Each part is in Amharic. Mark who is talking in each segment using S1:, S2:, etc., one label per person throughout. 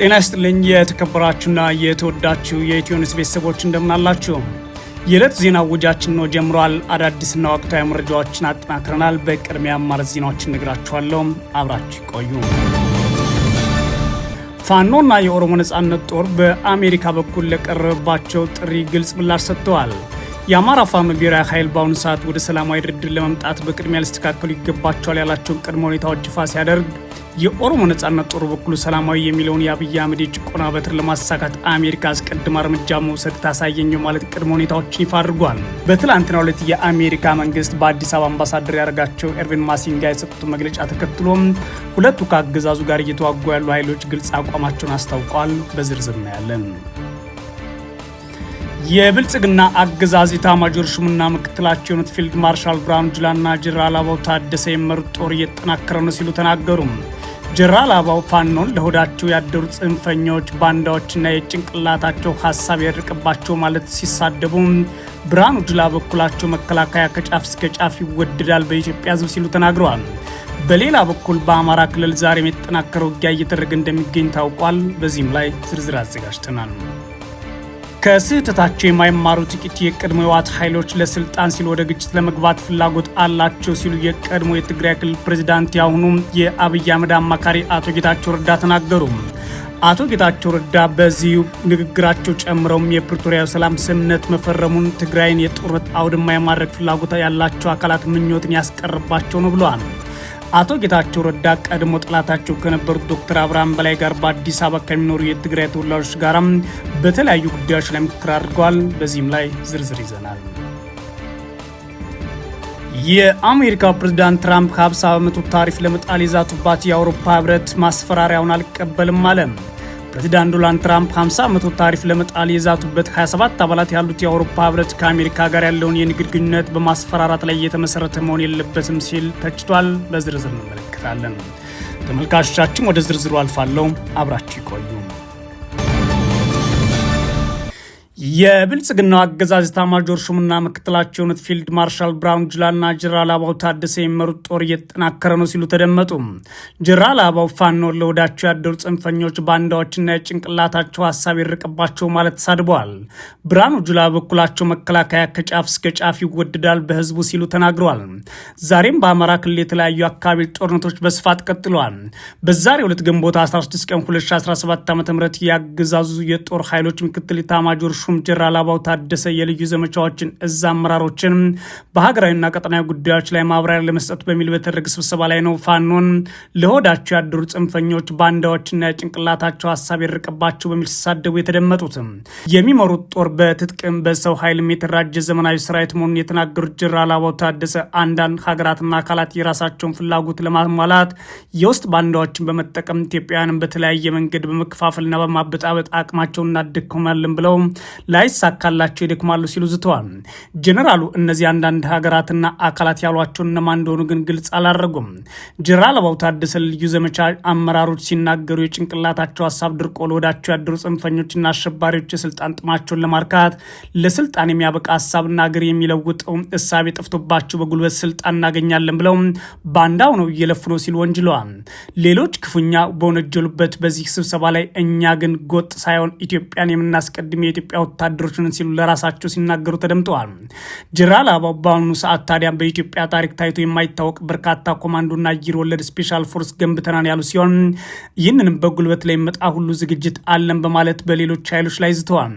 S1: ጤና ይስጥልኝ የተከበራችሁና የተወዳችሁ የኢትዮኒስ ቤተሰቦች እንደምናላችሁ። የዕለት ዜና ውጃችን ነው ጀምሯል። አዳዲስና ወቅታዊ መረጃዎችን አጠናክረናል። በቅድሚያ አማር ዜናዎችን ነግራችኋለሁ። አብራችሁ ይቆዩ። ፋኖና የኦሮሞ ነጻነት ጦር በአሜሪካ በኩል ለቀረበባቸው ጥሪ ግልጽ ምላሽ ሰጥተዋል። የአማራ ፋኖ ብሔራዊ ኃይል በአሁኑ ሰዓት ወደ ሰላማዊ ድርድር ለመምጣት በቅድሚያ ሊስተካከሉ ይገባቸዋል ያላቸውን ቅድመ ሁኔታዎች ይፋ ሲያደርግ የኦሮሞ ነጻነት ጦር በኩሉ ሰላማዊ የሚለውን የአብይ አህመድ የጭቆና በትር ለማሳካት አሜሪካ አስቀድማ እርምጃ መውሰድ ታሳየኘው ማለት ቅድመ ሁኔታዎችን ይፋ አድርጓል። በትላንትና ዕለት የአሜሪካ መንግስት በአዲስ አበባ አምባሳደር ያደረጋቸው ኤርቪን ማሲንጋ የሰጡት መግለጫ ተከትሎም ሁለቱ ከአገዛዙ ጋር እየተዋጉ ያሉ ኃይሎች ግልጽ አቋማቸውን አስታውቀዋል። በዝርዝር እናያለን። የብልጽግና አገዛዝ ኢታማዦር ሹምና ምክትላቸው የሆኑት ፊልድ ማርሻል ብርሃኑ ጁላና ጀነራል አበባው ታደሰ የመሩት ጦር እየተጠናከረ ነው ሲሉ ተናገሩ። ጀነራል አበባው ፋኖን ለሆዳቸው ያደሩ ጽንፈኛዎች ባንዳዎችና የጭንቅላታቸው ሀሳብ ያደርቅባቸው ማለት ሲሳደቡ፣ ብርሃኑ ጁላ በኩላቸው መከላከያ ከጫፍ እስከ ጫፍ ይወደዳል በኢትዮጵያ ሕዝብ ሲሉ ተናግረዋል። በሌላ በኩል በአማራ ክልል ዛሬም የተጠናከረ ውጊያ እየተደረገ እንደሚገኝ ታውቋል። በዚህም ላይ ዝርዝር አዘጋጅተናል። ከስህተታቸው የማይማሩ ጥቂት የቀድሞ የህወሓት ኃይሎች ለስልጣን ሲል ወደ ግጭት ለመግባት ፍላጎት አላቸው ሲሉ የቀድሞ የትግራይ ክልል ፕሬዚዳንት የአሁኑ የአብይ አህመድ አማካሪ አቶ ጌታቸው ረዳ ተናገሩ። አቶ ጌታቸው ረዳ በዚሁ ንግግራቸው ጨምረውም የፕሪቶሪያው ሰላም ስምምነት መፈረሙን ትግራይን የጦርነት አውድማ የማድረግ ፍላጎት ያላቸው አካላት ምኞትን ያስቀርባቸው ነው ብለዋል። አቶ ጌታቸው ረዳ ቀድሞ ጠላታቸው ከነበሩት ዶክተር አብርሃም በላይ ጋር በአዲስ አበባ ከሚኖሩ የትግራይ ተወላጆች ጋር በተለያዩ ጉዳዮች ላይ ምክክር አድርገዋል። በዚህም ላይ ዝርዝር ይዘናል። የአሜሪካ ፕሬዝዳንት ትራምፕ ከ50 በመቶ ታሪፍ ለመጣል የዛቱባት የአውሮፓ ህብረት ማስፈራሪያውን አልቀበልም አለም። ፕሬዚዳንት ዶናልድ ትራምፕ 50 በመቶ ታሪፍ ለመጣል የዛቱበት 27 አባላት ያሉት የአውሮፓ ህብረት ከአሜሪካ ጋር ያለውን የንግድ ግንኙነት በማስፈራራት ላይ የተመሰረተ መሆን የለበትም ሲል ተችቷል። በዝርዝር እንመለከታለን። ተመልካቾቻችን ወደ ዝርዝሩ አልፋለሁ። አብራችሁ ይቆዩ። የብልጽግናው አገዛዝ ታማጆር ሹምና ምክትላቸው የሆኑት ፊልድ ማርሻል ብርሃኑ ጁላና ጀነራል አበባው ታደሰ የሚመሩት ጦር እየተጠናከረ ነው ሲሉ ተደመጡ። ጀነራል አበባው ፋኖን ለወዳቸው ያደሩ ጽንፈኞች፣ ባንዳዎችና የጭንቅላታቸው ሀሳብ ይርቅባቸው ማለት ተሳድበዋል። ብርሃኑ ጁላ በበኩላቸው መከላከያ ከጫፍ እስከ ጫፍ ይወደዳል በህዝቡ ሲሉ ተናግረዋል። ዛሬም በአማራ ክልል የተለያዩ አካባቢ ጦርነቶች በስፋት ቀጥለዋል። በዛሬ ሁለት ግንቦት 16 ቀን 2017 ዓ ም የአገዛዙ የጦር ኃይሎች ምክትል ታማጆር ሹም ጀነራል አበባው ታደሰ የልዩ ዘመቻዎችን እዛ አመራሮችን በሀገራዊና ቀጠናዊ ጉዳዮች ላይ ማብራሪያ ለመስጠት በሚል በተደረገ ስብሰባ ላይ ነው ፋኖን ለሆዳቸው ያደሩ ጽንፈኞች ባንዳዎችና የጭንቅላታቸው ሀሳብ የርቅባቸው በሚል ሲሳደቡ የተደመጡትም የሚመሩት ጦር በትጥቅም በሰው ኃይልም የተደራጀ ዘመናዊ ሰራዊት መሆኑን የተናገሩት ጀነራል አበባው ታደሰ አንዳንድ ሀገራትና አካላት የራሳቸውን ፍላጎት ለማሟላት የውስጥ ባንዳዎችን በመጠቀም ኢትዮጵያውያንን በተለያየ መንገድ በመከፋፈልና በማበጣበጥ አቅማቸውን እናደከማለን ብለው ላይሳካላቸው ይደክማሉ ሲሉ ዝተዋል። ጀነራሉ እነዚህ አንዳንድ ሀገራትና አካላት ያሏቸውን እነማን እንደሆኑ ግን ግልጽ አላደረጉም። ጀራል አበባው ታደሰ ልዩ ዘመቻ አመራሮች ሲናገሩ የጭንቅላታቸው ሀሳብ ድርቆ ለወዳቸው ያደሩ ጽንፈኞችና አሸባሪዎች የስልጣን ጥማቸውን ለማርካት ለስልጣን የሚያበቃ ሀሳብና ሀገር የሚለውጠው እሳቤ ጠፍቶባቸው በጉልበት ስልጣን እናገኛለን ብለው ባንዳ ነው እየለፉ ነው ሲል ወንጅለዋል። ሌሎች ክፉኛ በወነጀሉበት በዚህ ስብሰባ ላይ እኛ ግን ጎጥ ሳይሆን ኢትዮጵያን የምናስቀድም የኢትዮጵያ ወታደሮች ነን ሲሉ ለራሳቸው ሲናገሩ ተደምጠዋል። ጀነራል አበባው በአሁኑ ሰዓት ታዲያ በኢትዮጵያ ታሪክ ታይቶ የማይታወቅ በርካታ ኮማንዶና አየር ወለድ ስፔሻል ፎርስ ገንብተናል ያሉ ሲሆን ይህንንም በጉልበት ላይ መጣ ሁሉ ዝግጅት አለን በማለት በሌሎች ኃይሎች ላይ ዝተዋል።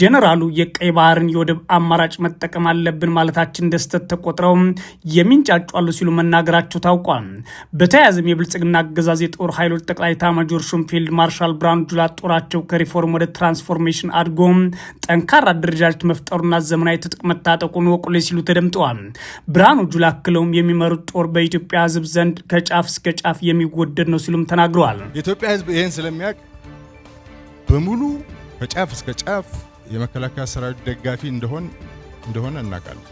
S1: ጀነራሉ የቀይ ባህርን የወደብ አማራጭ መጠቀም አለብን ማለታችን ደስተት ተቆጥረው የሚንጫጩ አሉ ሲሉ መናገራቸው ታውቋል። በተያያዘም የብልጽግና አገዛዝ የጦር ኃይሎች ጠቅላይ ኤታማዦር ሹም ፊልድ ማርሻል ብርሃኑ ጁላ ጦራቸው ከሪፎርም ወደ ትራንስፎርሜሽን አድጎም ጠንካራ አደረጃጀት መፍጠሩና ዘመናዊ ትጥቅ መታጠቁን ወቁሌ ሲሉ ተደምጠዋል። ብርሃኑ ጁላ አክለውም የሚመሩት ጦር በኢትዮጵያ ሕዝብ ዘንድ ከጫፍ እስከ ጫፍ የሚወደድ ነው ሲሉም ተናግረዋል።
S2: የኢትዮጵያ ሕዝብ ይህን ስለሚያውቅ በሙሉ ከጫፍ እስከ ጫፍ የመከላከያ ሰራዊት ደጋፊ እንደሆን እንደሆነ እናውቃለን።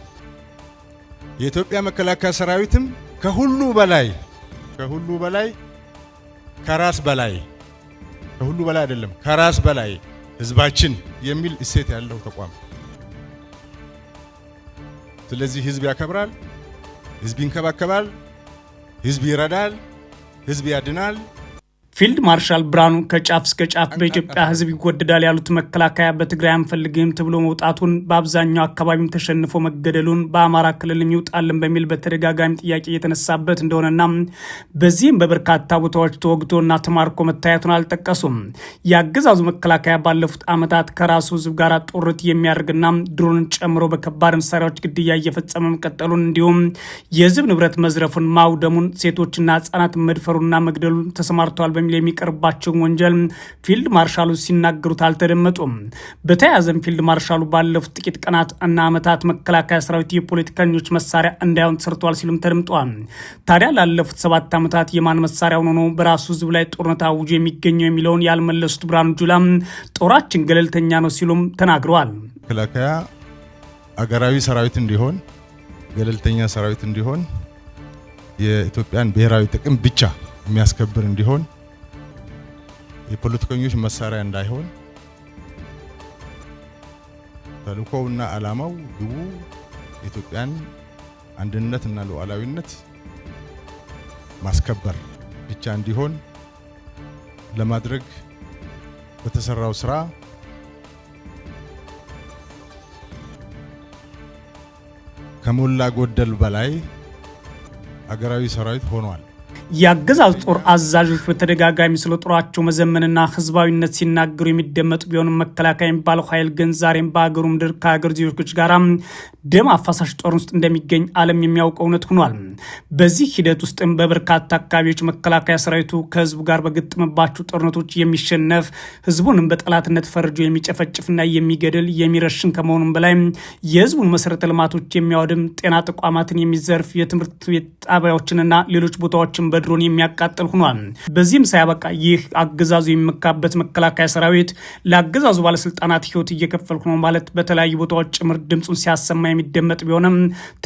S2: የኢትዮጵያ መከላከያ ሰራዊትም ከሁሉ በላይ ከሁሉ በላይ ከራስ በላይ ከሁሉ በላይ አይደለም ከራስ በላይ ህዝባችን የሚል እሴት ያለው ተቋም። ስለዚህ ህዝብ ያከብራል፣ ህዝብ ይንከባከባል፣ ህዝብ ይረዳል፣ ህዝብ ያድናል።
S1: ፊልድ ማርሻል ብርሃኑ ከጫፍ እስከ ጫፍ በኢትዮጵያ ሕዝብ ይወደዳል ያሉት መከላከያ በትግራይ አንፈልግም ተብሎ መውጣቱን በአብዛኛው አካባቢም ተሸንፎ መገደሉን በአማራ ክልል ይውጣልን በሚል በተደጋጋሚ ጥያቄ እየተነሳበት እንደሆነና በዚህም በበርካታ ቦታዎች ተወግቶና ተማርኮ መታየቱን አልጠቀሱም። የአገዛዙ መከላከያ ባለፉት ዓመታት ከራሱ ሕዝብ ጋር ጦርት የሚያደርግና ድሮንን ጨምሮ በከባድ መሳሪያዎች ግድያ እየፈጸመ መቀጠሉን እንዲሁም የሕዝብ ንብረት መዝረፉን፣ ማውደሙን፣ ሴቶችና ህጻናት መድፈሩና መግደሉን ተሰማርተዋል በሚል የሚቀርባቸውን ወንጀል ፊልድ ማርሻሉ ሲናገሩት አልተደመጡም። በተያያዘም ፊልድ ማርሻሉ ባለፉት ጥቂት ቀናት እና ዓመታት መከላከያ ሰራዊት የፖለቲከኞች መሳሪያ እንዳይሆን ተሰርተዋል ሲሉም ተደምጠዋል። ታዲያ ላለፉት ሰባት ዓመታት የማን መሳሪያ ሆኖ በራሱ ህዝብ ላይ ጦርነት አውጆ የሚገኘው የሚለውን ያልመለሱት ብርሃኑ ጁላ ጦራችን ገለልተኛ ነው ሲሉም ተናግረዋል።
S2: መከላከያ አገራዊ ሰራዊት እንዲሆን ገለልተኛ ሰራዊት እንዲሆን የኢትዮጵያን ብሔራዊ ጥቅም ብቻ የሚያስከብር እንዲሆን የፖለቲከኞች መሳሪያ እንዳይሆን ተልእኮውና ዓላማው ግቡ የኢትዮጵያን አንድነትና ሉዓላዊነት ማስከበር ብቻ እንዲሆን ለማድረግ በተሰራው ስራ ከሞላ ጎደል በላይ አገራዊ ሰራዊት ሆኗል።
S1: የአገዛዝ ጦር አዛዦች በተደጋጋሚ ስለ ጦራቸው መዘመንና ህዝባዊነት ሲናገሩ የሚደመጡ ቢሆንም መከላከያ የሚባለው ኃይል ግን ዛሬም በአገሩ ምድር ከሀገር ዜጎች ጋር ደም አፋሳሽ ጦር ውስጥ እንደሚገኝ ዓለም የሚያውቀው እውነት ሆኗል። በዚህ ሂደት ውስጥም በበርካታ አካባቢዎች መከላከያ ሰራዊቱ ከህዝቡ ጋር በገጠመባቸው ጦርነቶች የሚሸነፍ ህዝቡንም በጠላትነት ፈርጆ የሚጨፈጭፍና የሚገድል የሚረሽን ከመሆኑም በላይ የህዝቡን መሰረተ ልማቶች የሚያወድም ጤና ተቋማትን የሚዘርፍ የትምህርት ቤት ጣቢያዎችንና ሌሎች ቦታዎችን በ በድሮን የሚያቃጥል ሆኗል። በዚህም ሳያበቃ ይህ አገዛዙ የሚመካበት መከላከያ ሰራዊት ለአገዛዙ ባለስልጣናት ህይወት እየከፈልኩ ነው ማለት በተለያዩ ቦታዎች ጭምር ድምፁን ሲያሰማ የሚደመጥ ቢሆንም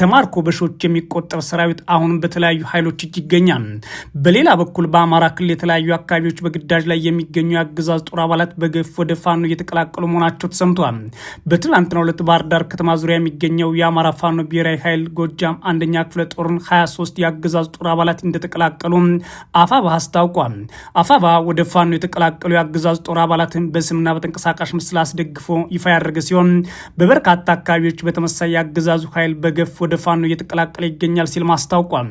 S1: ተማርኮ በሺዎች የሚቆጠር ሰራዊት አሁንም በተለያዩ ኃይሎች እጅ ይገኛል። በሌላ በኩል በአማራ ክልል የተለያዩ አካባቢዎች በግዳጅ ላይ የሚገኙ የአገዛዝ ጦር አባላት በገፍ ወደ ፋኖ እየተቀላቀሉ መሆናቸው ተሰምቷል። በትላንትና ሁለት ባህር ዳር ከተማ ዙሪያ የሚገኘው የአማራ ፋኖ ብሔራዊ ኃይል ጎጃም አንደኛ ክፍለ ጦርን 23 የአገዛዝ ጦር አባላት እንደተቀላቀሉ መቀላቀሉም አፋባ አስታውቋል። አፋባ ወደ ፋኖ የተቀላቀሉ የአገዛዝ ጦር አባላትን በስምና በተንቀሳቃሽ ምስል አስደግፎ ይፋ ያደረገ ሲሆን በበርካታ አካባቢዎች በተመሳይ የአገዛዙ ኃይል በገፍ ወደ ፋኖ እየተቀላቀለ ይገኛል ሲልም አስታውቋል።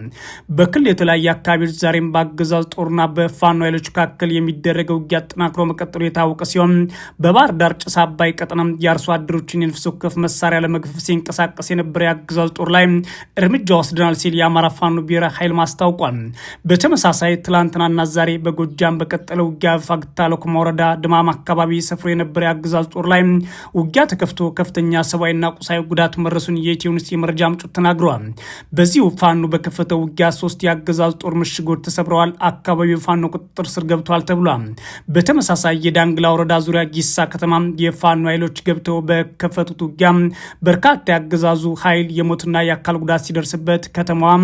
S1: በክልል የተለያዩ አካባቢዎች ዛሬም በአገዛዝ ጦርና በፋኖ ኃይሎች መካከል የሚደረገው ውጊያ አጠናክሮ መቀጠሉ የታወቀ ሲሆን በባህር ዳር ጭስ አባይ ቀጠና የአርሶ አደሮችን የነፍስ ወከፍ መሳሪያ ለመግፈፍ ሲንቀሳቀስ የነበረ የአገዛዝ ጦር ላይ እርምጃ ወስደናል ሲል የአማራ ፋኖ ብሔራዊ ኃይል ማስታውቋል። በተመሳሳይ ትላንትናና ዛሬ በጎጃም በቀጠለ ውጊያ ፋግታ ለኩማ ወረዳ ድማም አካባቢ ሰፍሮ የነበረ የአገዛዝ ጦር ላይ ውጊያ ተከፍቶ ከፍተኛ ሰብአዊና ቁሳዊ ጉዳት መረሱን የኢትዮ ኒውስ የመረጃ ምንጮች ተናግረዋል። በዚሁ ፋኖ በከፈተው ውጊያ ሶስት የአገዛዝ ጦር ምሽጎች ተሰብረዋል፣ አካባቢው ፋኖ ቁጥጥር ስር ገብቷል ተብሏል። በተመሳሳይ የዳንግላ ወረዳ ዙሪያ ጊሳ ከተማ የፋኖ ኃይሎች ገብተው በከፈቱት ውጊያ በርካታ የአገዛዙ ኃይል የሞትና የአካል ጉዳት ሲደርስበት ከተማዋ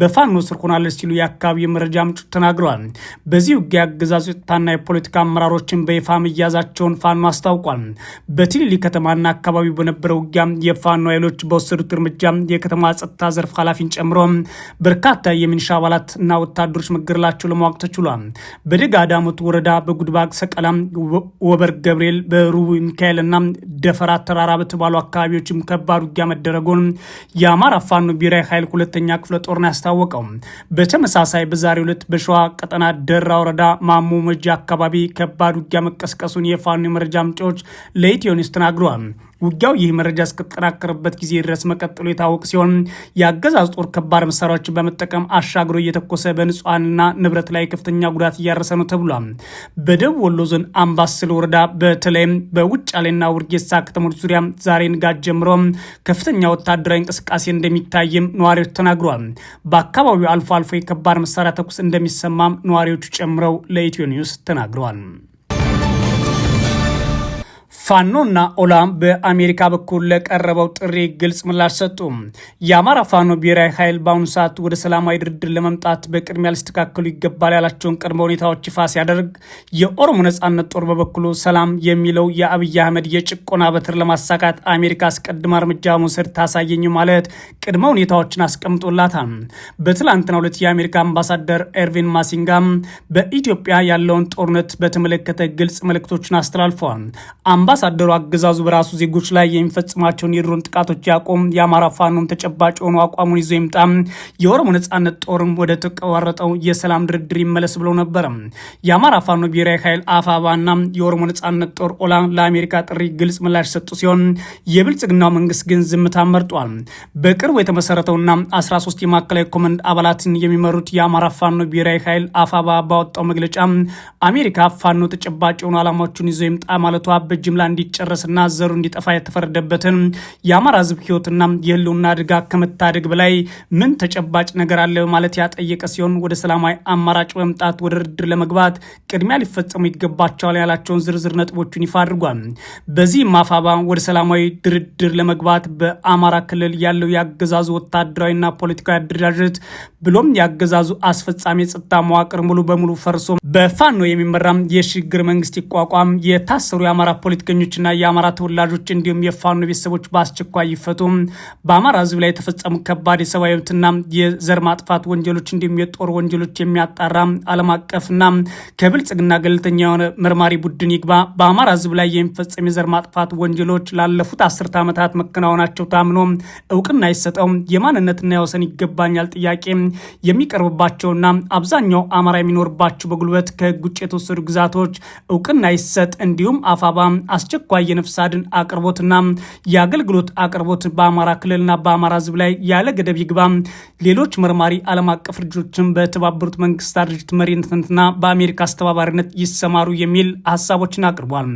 S1: በፋኖ ስር ሆናለች ሲሉ የአካባቢ የመረጃ ምንጮች ተናግረዋል። በዚህ ውጊያ አገዛዙ የጸጥታና የፖለቲካ አመራሮችን በይፋ መያዛቸውን ፋኖ አስታውቋል። በቲሊሊ ከተማና አካባቢው በነበረው ውጊያ የፋኖ ኃይሎች በወሰዱት እርምጃ የከተማ ጸጥታ ዘርፍ ኃላፊን ጨምሮ በርካታ የሚኒሻ አባላት እና ወታደሮች መገደላቸው ለማወቅ ተችሏል። በደጋ ዳሞት ወረዳ በጉድባቅ ሰቀላ፣ ወበር ገብርኤል፣ በሩቡ ሚካኤል እና ደፈራ ተራራ በተባሉ አካባቢዎችም ከባድ ውጊያ መደረጉን የአማራ ፋኖ ብሔራዊ ኃይል ሁለተኛ ክፍለ ጦርን ያስታወቀው። በተመሳሳይ በዛሬ ሁለት በሸዋ ቀጠና ደራ ወረዳ ማሞ መጃ አካባቢ ከባድ ውጊያ መቀስቀሱን የፋኖ የመረጃ ምንጮች ለኢትዮኒውስ ተናግረዋል። ውጊያው ይህ መረጃ እስከጠናከረበት ጊዜ ድረስ መቀጠሉ የታወቅ ሲሆን የአገዛዝ ጦር ከባድ መሳሪያዎችን በመጠቀም አሻግሮ እየተኮሰ በንጹሐንና ንብረት ላይ ከፍተኛ ጉዳት እያረሰ ነው ተብሏል። በደቡብ ወሎ ዞን አምባሰል ወረዳ በተለይም በውጫሌና ውርጌሳ ከተሞች ዙሪያ ዛሬ ንጋት ጀምሮ ከፍተኛ ወታደራዊ እንቅስቃሴ እንደሚታይም ነዋሪዎች ተናግሯል። በአካባቢው አልፎ አልፎ የከባድ መሳሪያ ተኩስ እንደሚሰማም ነዋሪዎቹ ጨምረው ለኢትዮ ኒውስ ተናግረዋል። ፋኖና ኦላም በአሜሪካ በኩል ለቀረበው ጥሪ ግልጽ ምላሽ ሰጡ። የአማራ ፋኖ ብሔራዊ ኃይል በአሁኑ ሰዓት ወደ ሰላማዊ ድርድር ለመምጣት በቅድሚያ ሊስተካከሉ ይገባል ያላቸውን ቅድመ ሁኔታዎች ይፋ ሲያደርግ፣ የኦሮሞ ነጻነት ጦር በበኩሉ ሰላም የሚለው የአብይ አህመድ የጭቆና በትር ለማሳካት አሜሪካ አስቀድማ እርምጃ መውሰድ ታሳየኝ ማለት ቅድመ ሁኔታዎችን አስቀምጦላታል። በትላንትና ሁለት የአሜሪካ አምባሳደር ኤርቪን ማሲንጋም በኢትዮጵያ ያለውን ጦርነት በተመለከተ ግልጽ መልእክቶችን አስተላልፈዋል። አምባሳደሩ አገዛዙ በራሱ ዜጎች ላይ የሚፈጽማቸውን የድሮን ጥቃቶች ያቆም፣ የአማራ ፋኖም ተጨባጭ የሆኑ አቋሙን ይዞ ይምጣም፣ የኦሮሞ ነጻነት ጦርም ወደ ተቋረጠው የሰላም ድርድር ይመለስ ብለው ነበረ። የአማራ ፋኖ ብሔራዊ ኃይል አፋባና የኦሮሞ ነጻነት ጦር ኦላ ለአሜሪካ ጥሪ ግልጽ ምላሽ ሰጡ ሲሆን የብልጽግናው መንግስት ግን ዝምታ መርጧል። በቅርቡ የተመሰረተውና 13 የማዕከላዊ ኮመንድ አባላትን የሚመሩት የአማራ ፋኖ ብሔራዊ ኃይል አፋባ ባወጣው መግለጫ አሜሪካ ፋኖ ተጨባጭ የሆኑ ዓላማዎችን ይዞ ይምጣ ማለቷ በጅምላ እንዲጨረስና ዘሩ እንዲጠፋ የተፈረደበትን የአማራ ህዝብ ህይወትና የህልውና አደጋ ከመታደግ በላይ ምን ተጨባጭ ነገር አለ በማለት ያጠየቀ ሲሆን ወደ ሰላማዊ አማራጭ በመምጣት ወደ ድርድር ለመግባት ቅድሚያ ሊፈጸሙ ይገባቸዋል ያላቸውን ዝርዝር ነጥቦቹን ይፋ አድርጓል። በዚህ ማፋባ ወደ ሰላማዊ ድርድር ለመግባት በአማራ ክልል ያለው የአገዛዙ ወታደራዊና ፖለቲካዊ አደረጃጀት ብሎም የአገዛዙ አስፈጻሚ የጸጥታ መዋቅር ሙሉ በሙሉ ፈርሶ በፋኖ የሚመራም የሽግግር መንግስት ይቋቋም፣ የታሰሩ የአማራ ፖለቲከኞች ና የአማራ ተወላጆች እንዲሁም የፋኖ ቤተሰቦች በአስቸኳይ ይፈቱ። በአማራ ህዝብ ላይ የተፈጸሙ ከባድ የሰብአዊ መብትና የዘር ማጥፋት ወንጀሎች እንዲሁም የጦር ወንጀሎች የሚያጣራ ዓለም አቀፍና ከብልጽግና ገለልተኛ የሆነ መርማሪ ቡድን ይግባ። በአማራ ህዝብ ላይ የሚፈጸም የዘር ማጥፋት ወንጀሎች ላለፉት አስርት ዓመታት መከናወናቸው ታምኖ እውቅና ይሰጠው። የማንነትና የወሰን ይገባኛል ጥያቄ የሚቀርብባቸውና አብዛኛው አማራ የሚኖርባቸው በጉልበት ከህግ ውጭ የተወሰዱ ግዛቶች እውቅና ይሰጥ። እንዲሁም አፋባ አስቸኳይ የነፍስ አድን አቅርቦትና የአገልግሎት አቅርቦት በአማራ ክልልና በአማራ ህዝብ ላይ ያለ ገደብ ይግባ። ሌሎች መርማሪ ዓለም አቀፍ ድርጅቶችን በተባበሩት መንግስታት ድርጅት መሪነትና በአሜሪካ አስተባባሪነት ይሰማሩ የሚል ሀሳቦችን አቅርቧል።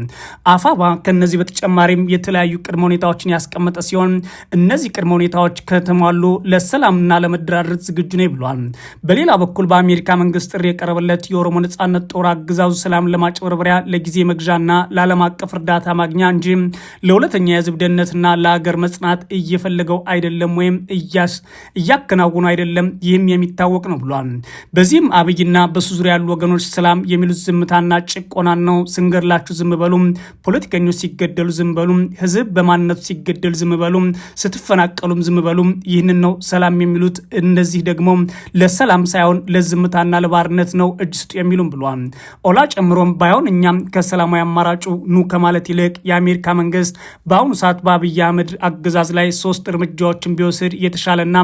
S1: አፋባ ከነዚህ በተጨማሪም የተለያዩ ቅድመ ሁኔታዎችን ያስቀመጠ ሲሆን እነዚህ ቅድመ ሁኔታዎች ከተሟሉ ለሰላምና ለመደራደር ዝግጁ ነው ብሏል። በሌላ በኩል በአሜሪካ መንግስት ጥሪ የቀረበለት የኦሮሞ ነጻነት ጦር አገዛዙ ሰላም ለማጭበርበሪያ ለጊዜ መግዣና ለዓለም አቀፍ እርዳ እርዳታ ማግኛ እንጂ ለሁለተኛ የህዝብ ደህንነትና ለሀገር መጽናት እየፈለገው አይደለም ወይም እያከናውኑ አይደለም። ይህም የሚታወቅ ነው ብሏል። በዚህም አብይና በሱ ዙሪያ ያሉ ወገኖች ሰላም የሚሉት ዝምታና ጭቆናን ነው። ስንገድላችሁ ዝም በሉ፣ ፖለቲከኞች ሲገደሉ ዝም በሉ፣ ህዝብ በማንነቱ ሲገደል ዝም በሉ፣ ስትፈናቀሉም ዝም በሉ። ይህንን ነው ሰላም የሚሉት። እንደዚህ ደግሞ ለሰላም ሳይሆን ለዝምታና ለባርነት ነው እጅ ስጡ የሚሉም ብሏል። ኦላ ጨምሮም ባይሆን እኛም ከሰላማዊ አማራጩ ኑ ከማለት ከማለት ይልቅ የአሜሪካ መንግስት በአሁኑ ሰዓት በአብይ አህመድ አገዛዝ ላይ ሶስት እርምጃዎችን ቢወስድ የተሻለና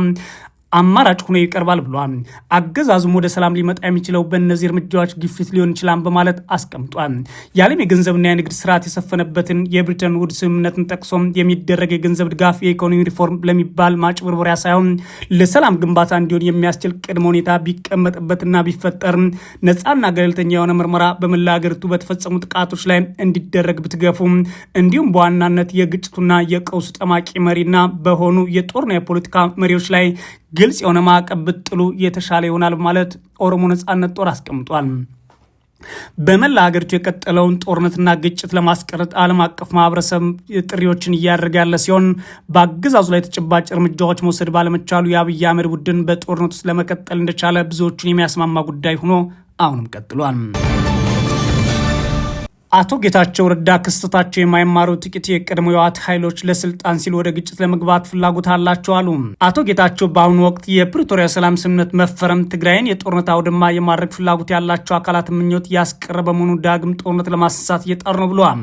S1: አማራጭ ሆኖ ይቀርባል ብሏል። አገዛዙም ወደ ሰላም ሊመጣ የሚችለው በእነዚህ እርምጃዎች ግፊት ሊሆን ይችላል በማለት አስቀምጧል። የዓለም የገንዘብና የንግድ ስርዓት የሰፈነበትን የብሪተን ውድ ስምምነትን ጠቅሶም የሚደረግ የገንዘብ ድጋፍ የኢኮኖሚ ሪፎርም ለሚባል ማጭበርበሪያ ሳይሆን ለሰላም ግንባታ እንዲሆን የሚያስችል ቅድመ ሁኔታ ቢቀመጥበትና ቢፈጠር ነፃና ገለልተኛ የሆነ ምርመራ በመላ ሀገሪቱ በተፈጸሙ ጥቃቶች ላይ እንዲደረግ ብትገፉ እንዲሁም በዋናነት የግጭቱና የቀውሱ ጠማቂ መሪና በሆኑ የጦርና የፖለቲካ መሪዎች ላይ ግልጽ የሆነ ማዕቀብ ብጥሉ የተሻለ ይሆናል ማለት ኦሮሞ ነጻነት ጦር አስቀምጧል። በመላ ሀገሪቱ የቀጠለውን ጦርነትና ግጭት ለማስቀረት ዓለም አቀፍ ማህበረሰብ ጥሪዎችን እያደረገ ያለ ሲሆን በአገዛዙ ላይ ተጨባጭ እርምጃዎች መውሰድ ባለመቻሉ የአብይ አህመድ ቡድን በጦርነት ውስጥ ለመቀጠል እንደቻለ ብዙዎቹን የሚያስማማ ጉዳይ ሆኖ አሁንም ቀጥሏል። አቶ ጌታቸው ረዳ ክስተታቸው የማይማሩ ጥቂት የቀድሞ የዋት ኃይሎች ለስልጣን ሲል ወደ ግጭት ለመግባት ፍላጎት አላቸው አሉ። አቶ ጌታቸው በአሁኑ ወቅት የፕሪቶሪያ ሰላም ስምምነት መፈረም ትግራይን የጦርነት አውድማ የማድረግ ፍላጎት ያላቸው አካላት ምኞት ያስቀረ በመሆኑ ዳግም ጦርነት ለማስነሳት እየጣሩ ነው ብለዋል።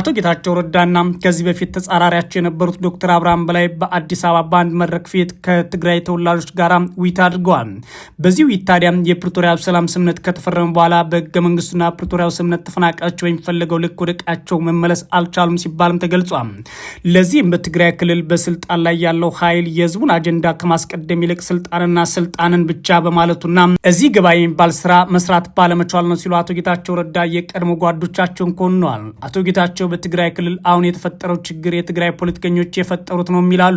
S1: አቶ ጌታቸው ረዳና ከዚህ በፊት ተጻራሪያቸው የነበሩት ዶክተር አብርሃም በላይ በአዲስ አበባ በአንድ መድረክ ፊት ከትግራይ ተወላጆች ጋር ውይይት አድርገዋል። በዚህ ውይይት ታዲያ የፕሪቶሪያ ሰላም ስምምነት ከተፈረመ በኋላ በህገ መንግስቱና ፕሪቶሪያው ስምምነት ተፈናቃዮች በሚፈለገው ልክ ወደ ቀያቸው መመለስ አልቻሉም ሲባልም ተገልጿል። ለዚህም በትግራይ ክልል በስልጣን ላይ ያለው ኃይል የህዝቡን አጀንዳ ከማስቀደም ይልቅ ስልጣንና ስልጣንን ብቻ በማለቱና እዚህ ገባ የሚባል ስራ መስራት ባለመቻል ነው ሲሉ አቶ ጌታቸው ረዳ የቀድሞ ጓዶቻቸውን ኮንነዋል። አቶ ጌታቸው በትግራይ ክልል አሁን የተፈጠረው ችግር የትግራይ ፖለቲከኞች የፈጠሩት ነው የሚላሉ።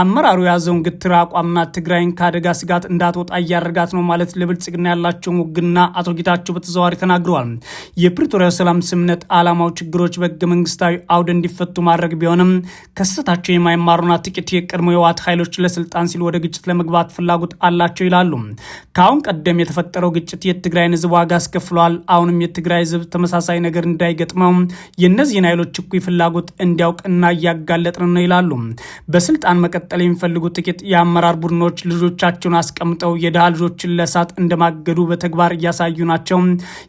S1: አመራሩ የያዘውን ግትር አቋምና ትግራይን ከአደጋ ስጋት እንዳትወጣ እያደረጋት ነው ማለት ለብልጽግና ያላቸውን ውግና አቶ ጌታቸው በተዘዋዋሪ ተናግረዋል። የፕሪቶሪያ ሰላም የሰላም ስምነት ዓላማው ችግሮች በህገ መንግስታዊ አውድ እንዲፈቱ ማድረግ ቢሆንም ከስህተታቸው የማይማሩና ጥቂት የቀድሞ የዋት ኃይሎች ለስልጣን ሲሉ ወደ ግጭት ለመግባት ፍላጎት አላቸው ይላሉ። ከአሁን ቀደም የተፈጠረው ግጭት የትግራይን ህዝብ ዋጋ አስከፍሏል። አሁንም የትግራይ ህዝብ ተመሳሳይ ነገር እንዳይገጥመው የእነዚህን ኃይሎች እኩይ ፍላጎት እንዲያውቅና እያጋለጥን ነው ይላሉ። በስልጣን መቀጠል የሚፈልጉ ጥቂት የአመራር ቡድኖች ልጆቻቸውን አስቀምጠው የድሃ ልጆችን ለእሳት እንደማገዱ በተግባር እያሳዩ ናቸው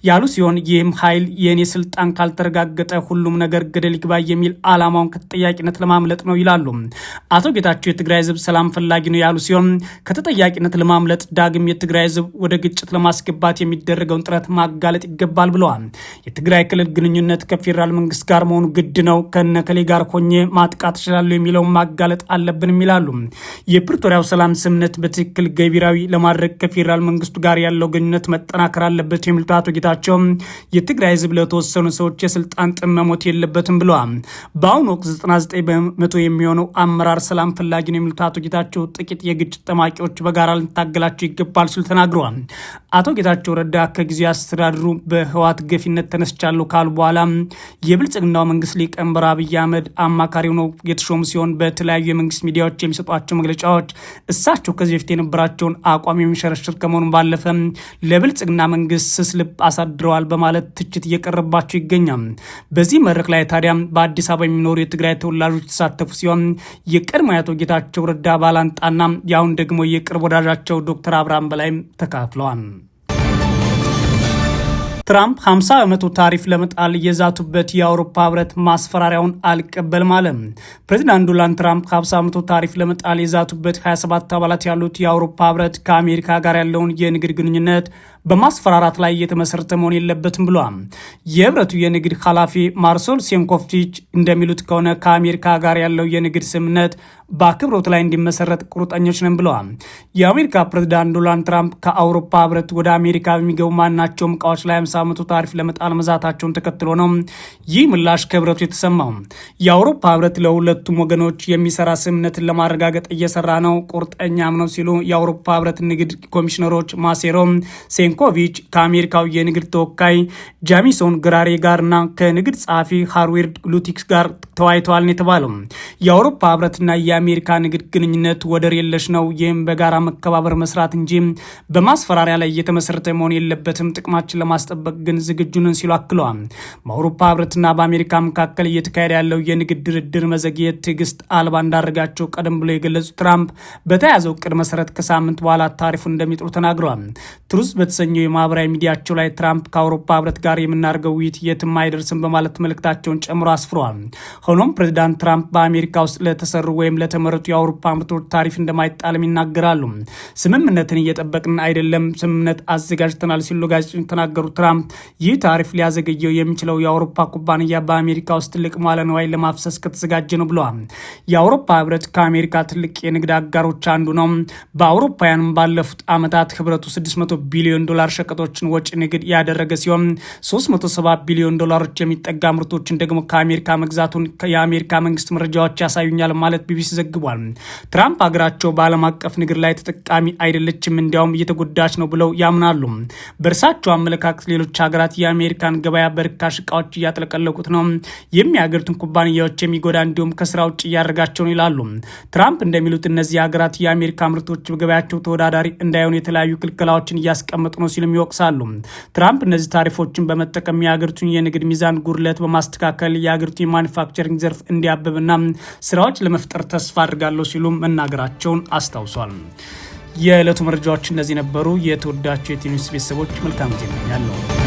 S1: ያሉ ሲሆን ይህም ኃይል የእኔ ስልጣን ካልተረጋገጠ ሁሉም ነገር ገደል ይግባ የሚል አላማውን ከተጠያቂነት ለማምለጥ ነው ይላሉ። አቶ ጌታቸው የትግራይ ህዝብ ሰላም ፈላጊ ነው ያሉ ሲሆን ከተጠያቂነት ለማምለጥ ዳግም የትግራይ ህዝብ ወደ ግጭት ለማስገባት የሚደረገውን ጥረት ማጋለጥ ይገባል ብለዋል። የትግራይ ክልል ግንኙነት ከፌዴራል መንግስት ጋር መሆኑ ግድ ነው። ከነከሌ ጋር ሆኜ ማጥቃት እችላለሁ የሚለውን ማጋለጥ አለብንም ይላሉ። የፕሪቶሪያው ሰላም ስምነት በትክክል ገቢራዊ ለማድረግ ከፌዴራል መንግስቱ ጋር ያለው ግንኙነት መጠናከር አለበት የሚሉት አቶ ጌታቸው የትግራይ ህዝብ ለተወሰ የተወሰኑ ሰዎች የስልጣን ጥም መሞት የለበትም ብለዋል። በአሁኑ ወቅት 99 በመቶ የሚሆነው አመራር ሰላም ፈላጊ ነው የሚሉት አቶ ጌታቸው ጥቂት የግጭት ጠማቂዎች በጋራ ልንታገላቸው ይገባል ሲሉ ተናግረዋል። አቶ ጌታቸው ረዳ ከጊዜ አስተዳድሩ በህወሓት ገፊነት ተነስቻለሁ ካሉ በኋላ የብልጽግናው መንግስት ሊቀመንበር አብይ አህመድ አማካሪ ሆነው የተሾሙ ሲሆን በተለያዩ የመንግስት ሚዲያዎች የሚሰጧቸው መግለጫዎች እሳቸው ከዚህ በፊት የነበራቸውን አቋም የሚሸረሽር ከመሆኑ ባለፈ ለብልጽግና መንግስት ስስ ልብ አሳድረዋል በማለት ትችት እየቀረባቸው እየቀረባቸው ይገኛል። በዚህ መድረክ ላይ ታዲያ በአዲስ አበባ የሚኖሩ የትግራይ ተወላጆች የተሳተፉ ሲሆን የቀድሞ አቶ ጌታቸው ረዳ ባላንጣና የአሁን ደግሞ የቅርብ ወዳጃቸው ዶክተር አብርሃም በላይም ተካፍለዋል። ትራምፕ 50 በመቶ ታሪፍ ለመጣል የዛቱበት የአውሮፓ ህብረት ማስፈራሪያውን አልቀበልም አለ። ፕሬዚዳንት ዶናልድ ትራምፕ 50 በመቶ ታሪፍ ለመጣል የዛቱበት 27 አባላት ያሉት የአውሮፓ ህብረት ከአሜሪካ ጋር ያለውን የንግድ ግንኙነት በማስፈራራት ላይ እየተመሰረተ መሆን የለበትም ብሏል። የህብረቱ የንግድ ኃላፊ ማርሶል ሴንኮፍቲች እንደሚሉት ከሆነ ከአሜሪካ ጋር ያለው የንግድ ስምምነት በአክብሮት ላይ እንዲመሰረት ቁርጠኞች ነን ብለዋል። የአሜሪካ ፕሬዚዳንት ዶናልድ ትራምፕ ከአውሮፓ ህብረት ወደ አሜሪካ በሚገቡ ማናቸውም እቃዎች ላይ በየሳምንቱ ታሪፍ ለመጣል መዛታቸውን ተከትሎ ነው ይህ ምላሽ ከህብረቱ የተሰማው። የአውሮፓ ህብረት ለሁለቱም ወገኖች የሚሰራ ስምምነትን ለማረጋገጥ እየሰራ ነው፣ ቁርጠኛም ነው ሲሉ የአውሮፓ ህብረት ንግድ ኮሚሽነሮች ማሴሮ ሴንኮቪች ከአሜሪካው የንግድ ተወካይ ጃሚሶን ግራሬ ጋርና ከንግድ ጸሐፊ ሃርዌርድ ሉቲክስ ጋር ተወያይተዋል ነው የተባለው። የአውሮፓ ህብረትና የአሜሪካ ንግድ ግንኙነት ወደር የለሽ ነው። ይህም በጋራ መከባበር መስራት እንጂ በማስፈራሪያ ላይ እየተመሰረተ መሆን የለበትም። ጥቅማችን ለማስጠበቅ ለማስጠበቅ ግን ዝግጁ ነን ሲሉ አክለዋል። በአውሮፓ ህብረትና በአሜሪካ መካከል እየተካሄደ ያለው የንግድ ድርድር መዘግየት ትዕግስት አልባ እንዳደረጋቸው ቀደም ብሎ የገለጹ ትራምፕ በተያዘው እቅድ መሰረት ከሳምንት በኋላ ታሪፉ እንደሚጥሩ ተናግረዋል። ትሩዝ በተሰኘው የማህበራዊ ሚዲያቸው ላይ ትራምፕ ከአውሮፓ ህብረት ጋር የምናደርገው ውይይት የትም አይደርስም በማለት መልእክታቸውን ጨምሮ አስፍረዋል። ሆኖም ፕሬዚዳንት ትራምፕ በአሜሪካ ውስጥ ለተሰሩ ወይም ለተመረጡ የአውሮፓ ምርቶች ታሪፍ እንደማይጣለም ይናገራሉ። ስምምነትን እየጠበቅን አይደለም፣ ስምምነት አዘጋጅተናል ሲሉ ጋዜጠኞች ተናገሩ። ትራምፕ ይህ ታሪፍ ሊያዘገየው የሚችለው የአውሮፓ ኩባንያ በአሜሪካ ውስጥ ትልቅ መዋለ ንዋይ ለማፍሰስ ከተዘጋጀ ነው ብለዋል። የአውሮፓ ህብረት ከአሜሪካ ትልቅ የንግድ አጋሮች አንዱ ነው። በአውሮፓውያንም ባለፉት ዓመታት ህብረቱ 600 ቢሊዮን ዶላር ሸቀጦችን ወጪ ንግድ ያደረገ ሲሆን 37 ቢሊዮን ዶላሮች የሚጠጋ ምርቶችን ደግሞ ከአሜሪካ መግዛቱን የአሜሪካ መንግስት መረጃዎች ያሳዩኛል ማለት ቢቢሲ ዘግቧል። ትራምፕ ሀገራቸው በዓለም አቀፍ ንግድ ላይ ተጠቃሚ አይደለችም፣ እንዲያውም እየተጎዳች ነው ብለው ያምናሉ። በእርሳቸው አመለካከት ሌሎች ሀገራት የአሜሪካን ገበያ በርካሽ እቃዎች እያጥለቀለቁት ነው፣ የሚያገሪቱን ኩባንያዎች የሚጎዳ እንዲሁም ከስራ ውጭ እያደረጋቸው ነው ይላሉ። ትራምፕ እንደሚሉት እነዚህ ሀገራት የአሜሪካ ምርቶች በገበያቸው ተወዳዳሪ እንዳይሆኑ የተለያዩ ክልክላዎችን እያስቀመጡ ነው ሲሉም ይወቅሳሉ። ትራምፕ እነዚህ ታሪፎችን በመጠቀም የሀገሪቱን የንግድ ሚዛን ጉድለት በማስተካከል የሀገሪቱ የማኒፋክቸሪንግ ዘርፍ እንዲያብብና ስራዎች ለመፍጠር ተስፋ አድርጋለሁ ሲሉም መናገራቸውን አስታውሷል። የዕለቱ መረጃዎች እነዚህ ነበሩ። የተወዳቸው የቴኒስ ቤተሰቦች መልካም ዜና ያለው